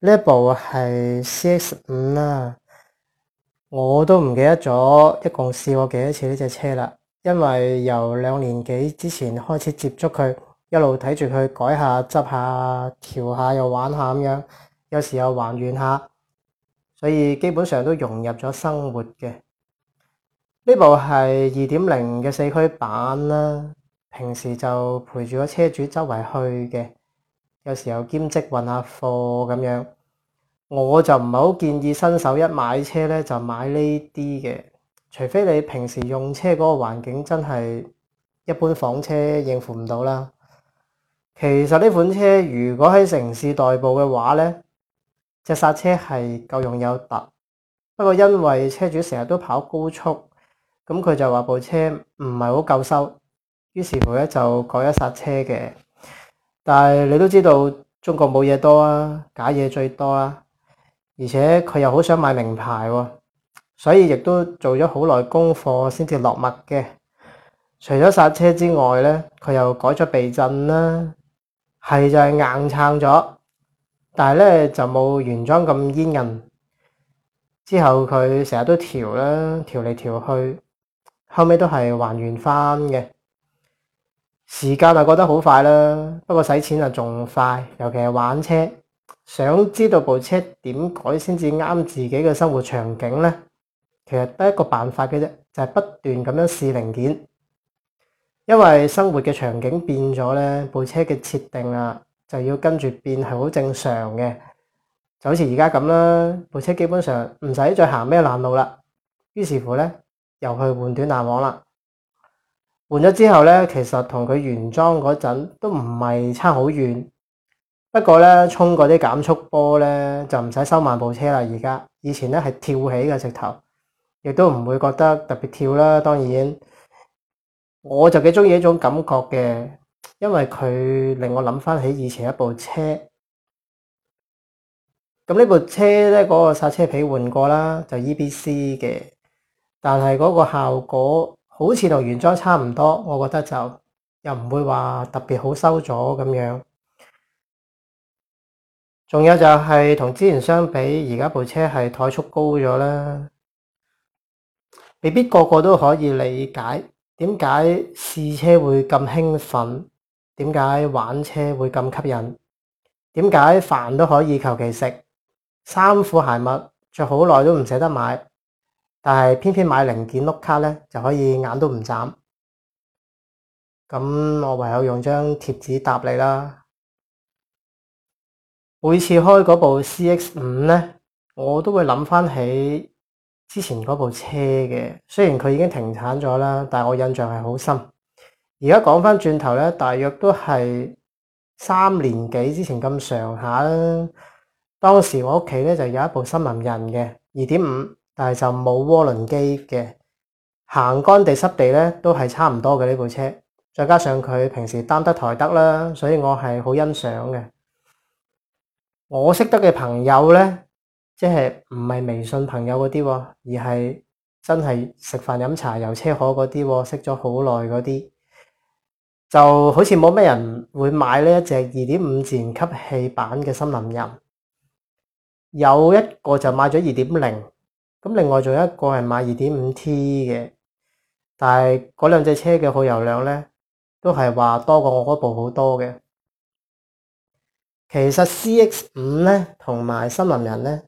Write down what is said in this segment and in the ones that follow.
呢部係 CX5 啦、啊，我都唔記得咗一共試過幾多次呢隻車啦。因為由兩年幾之前開始接觸佢，一路睇住佢改下、執下、調下又玩下咁樣，有時又還原下，所以基本上都融入咗生活嘅。呢部係二點零嘅四驅版啦，平時就陪住個車主周圍去嘅。有時候兼職運下貨咁樣，我就唔係好建議新手一買車咧就買呢啲嘅，除非你平時用車嗰個環境真係一般房車應付唔到啦。其實呢款車如果喺城市代步嘅話咧，隻剎車係夠用有突。不過因為車主成日都跑高速，咁佢就話部車唔係好夠收，於是乎咧就改一剎車嘅。但係你都知道中國冇嘢多啊，假嘢最多啊。而且佢又好想買名牌喎，所以亦都做咗好耐功課先至落墨嘅。除咗煞車之外咧，佢又改咗避震啦，係就係硬撐咗，但係咧就冇原裝咁煙韌。之後佢成日都調啦，調嚟調去，後尾都係還原翻嘅。時間啊過得好快啦，不過使錢啊仲快，尤其係玩車。想知道部車點改先至啱自己嘅生活場景呢？其實得一個辦法嘅啫，就係、是、不斷咁樣試零件。因為生活嘅場景變咗呢，部車嘅設定啊就要跟住變，係好正常嘅。就好似而家咁啦，部車基本上唔使再行咩爛路啦，於是乎呢，又去換短攔網啦。換咗之後咧，其實同佢原裝嗰陣都唔係差好遠。不過咧，衝嗰啲減速波咧就唔使收慢部車啦。而家以前咧係跳起嘅直頭，亦都唔會覺得特別跳啦。當然，我就幾中意一種感覺嘅，因為佢令我諗翻起以前一部車。咁呢部車咧，嗰個剎車皮換過啦，就 EBC 嘅，但係嗰個效果。好似同原裝差唔多，我覺得就又唔會話特別好收咗咁樣。仲有就係、是、同之前相比，而家部車係台速高咗啦，未必個個都可以理解點解試車會咁興奮，點解玩車會咁吸引，點解飯都可以求其食，衫褲鞋襪着好耐都唔捨得買。但係偏偏買零件碌卡咧，就可以眼都唔眨。咁我唯有用張貼紙答你啦。每次開嗰部 CX5 咧，我都會諗翻起之前嗰部車嘅。雖然佢已經停產咗啦，但係我印象係好深。而家講翻轉頭咧，大約都係三年幾之前咁上下啦。當時我屋企咧就有一部森林人嘅二點五。但係就冇渦輪機嘅，行乾地濕地咧都係差唔多嘅呢部車，再加上佢平時擔得抬得啦，所以我係好欣賞嘅。我識得嘅朋友咧，即係唔係微信朋友嗰啲，而係真係食飯飲茶遊車河嗰啲，識咗好耐嗰啲，就好似冇咩人會買呢一隻二點五自然吸氣版嘅森林人，有一個就買咗二點零。咁另外仲有一個係買二點五 T 嘅，但係嗰兩隻車嘅耗油量咧，都係話多過我嗰部好多嘅。其實 CX 五咧同埋森林人咧，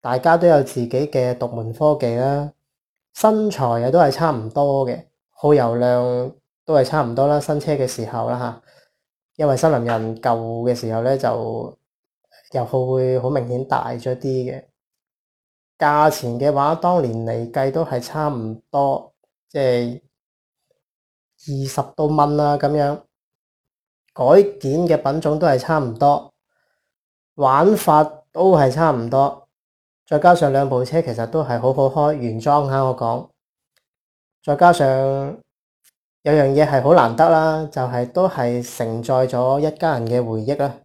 大家都有自己嘅獨門科技啦。身材啊都係差唔多嘅，耗油量都係差唔多啦。新車嘅時候啦嚇，因為森林人舊嘅時候咧就油耗會好明顯大咗啲嘅。價錢嘅話，當年嚟計都係差唔多，即係二十多蚊啦咁樣。改件嘅品種都係差唔多，玩法都係差唔多。再加上兩部車其實都係好好開，原裝下我講。再加上有樣嘢係好難得啦，就係都係承載咗一家人嘅回憶啦。